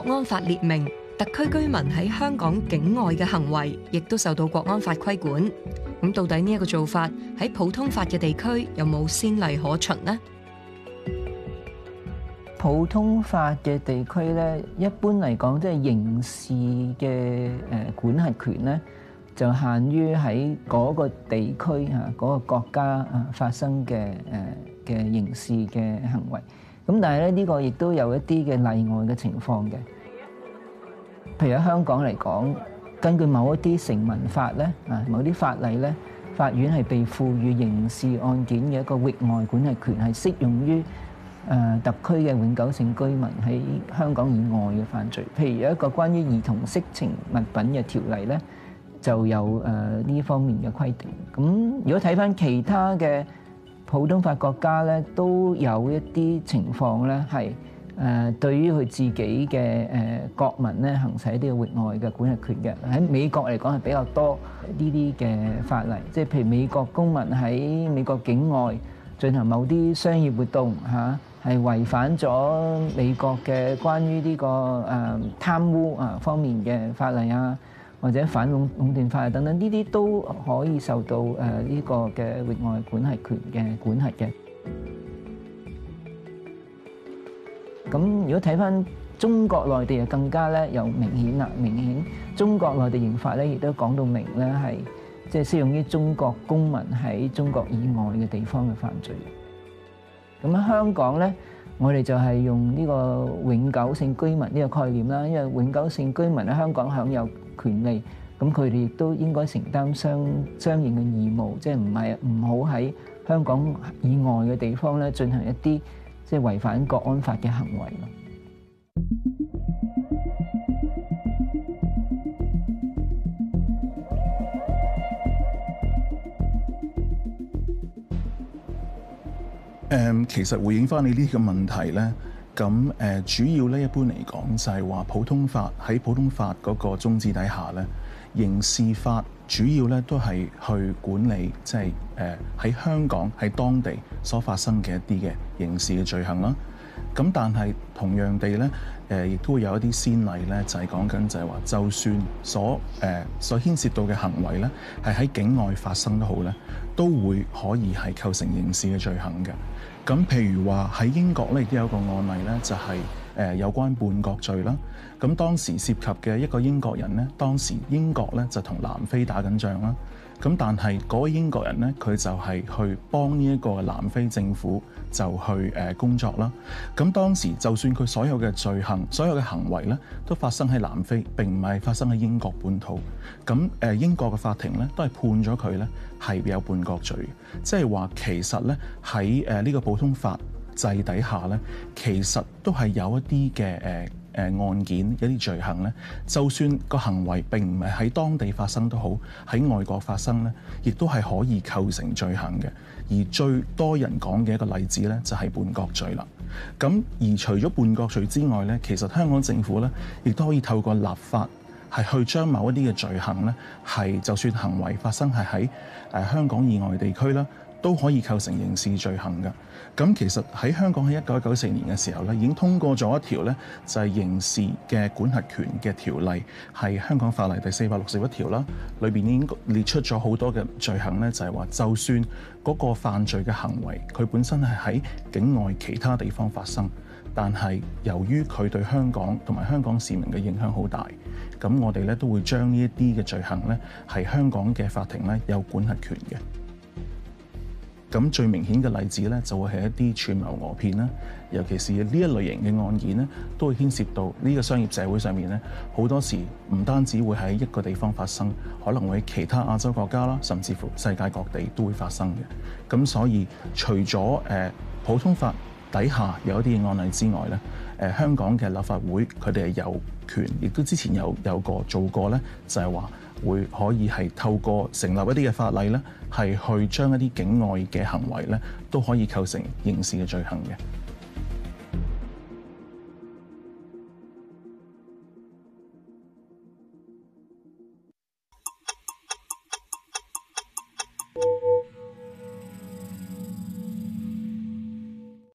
國安法列明，特區居民喺香港境外嘅行為，亦都受到國安法規管。咁到底呢一個做法喺普通法嘅地區有冇先例可循呢？普通法嘅地區咧，一般嚟講，即係刑事嘅誒管轄權咧，就限於喺嗰個地區啊，嗰個國家啊發生嘅誒嘅刑事嘅行為。咁但係咧，呢個亦都有一啲嘅例外嘅情況嘅。譬如喺香港嚟講，根據某一啲成文法咧，啊某啲法例咧，法院係被賦予刑事案件嘅一個域外管轄權，係適用於誒特區嘅永久性居民喺香港以外嘅犯罪。譬如有一個關於兒童色情物品嘅條例咧，就有誒呢方面嘅規定。咁如果睇返其他嘅，普通法國家都有一些情況，是對於他自己的國民行使的域外的管轄權的。在美國來講，是比較多這些法例。即係譬如美國公民在美國境外進行某些商業活動，是違反了美國的關於這個貪污方面的法例。或者反壟壟斷法等等，呢啲都可以受到誒呢個嘅域外管轄權嘅管轄嘅。咁如果睇返中國內地啊，更加咧又明顯啦，明顯中國內地刑法咧亦都講到明咧，係即係適用於中國公民喺中國以外嘅地方嘅犯罪。咁喺香港咧。我哋就係用呢個永久性居民呢個概念啦，因為永久性居民喺香港享有權利，咁佢哋亦都應該承擔相相應嘅義務，即係唔係唔好喺香港以外嘅地方咧進行一啲即係違反國安法嘅行為咯。誒，um, 其實回應翻你呢個問題呢，咁誒、呃、主要呢，一般嚟講就係話普通法，喺普通法嗰個宗旨底下呢，刑事法主要呢都係去管理即係誒喺香港喺當地所發生嘅一啲嘅刑事嘅罪行啦。咁但係同樣地咧，誒亦都會有一啲先例咧，就係講緊就係話，就算所誒、呃、所牽涉到嘅行為咧，係喺境外發生都好咧，都會可以係構成刑事嘅罪行嘅。咁譬如話喺英國咧，亦都有個案例咧，就係、是、誒有關叛國罪啦。咁當時涉及嘅一個英國人咧，當時英國咧就同南非打緊仗啦。咁但係嗰位英國人呢，佢就係去幫呢一個南非政府就去誒工作啦。咁當時就算佢所有嘅罪行，所有嘅行為呢，都發生喺南非，並唔係發生喺英國本土。咁誒英國嘅法庭呢，都係判咗佢呢係有叛國罪，即係話其實呢喺誒呢個普通法制底下呢，其實都係有一啲嘅誒。呃誒案件一啲罪行呢，就算個行為並唔係喺當地發生都好，喺外國發生呢，亦都係可以構成罪行嘅。而最多人講嘅一個例子呢，就係叛國罪啦。咁而除咗叛國罪之外呢，其實香港政府呢，亦都可以透過立法係去將某一啲嘅罪行呢，係就算行為發生係喺誒香港以外地區啦。都可以構成刑事罪行㗎。咁其實喺香港喺一九九四年嘅時候咧，已經通過咗一條咧，就係刑事嘅管轄權嘅條例，係香港法例第四百六十一條啦。裏邊已經列出咗好多嘅罪行咧，就係話就算嗰個犯罪嘅行為佢本身係喺境外其他地方發生，但係由於佢對香港同埋香港市民嘅影響好大，咁我哋咧都會將呢一啲嘅罪行咧係香港嘅法庭咧有管轄權嘅。咁最明顯嘅例子咧，就會係一啲串謀訛騙啦，尤其是呢一類型嘅案件咧，都會牽涉到呢個商業社會上面咧，好多時唔單止會喺一個地方發生，可能會喺其他亞洲國家啦，甚至乎世界各地都會發生嘅。咁所以除咗誒、呃、普通法底下有一啲案例之外咧，誒、呃、香港嘅立法會佢哋係有權，亦都之前有有過做過咧，就係、是、話。會可以係透過成立一啲嘅法例咧，係去將一啲境外嘅行為咧，都可以構成刑事嘅罪行嘅。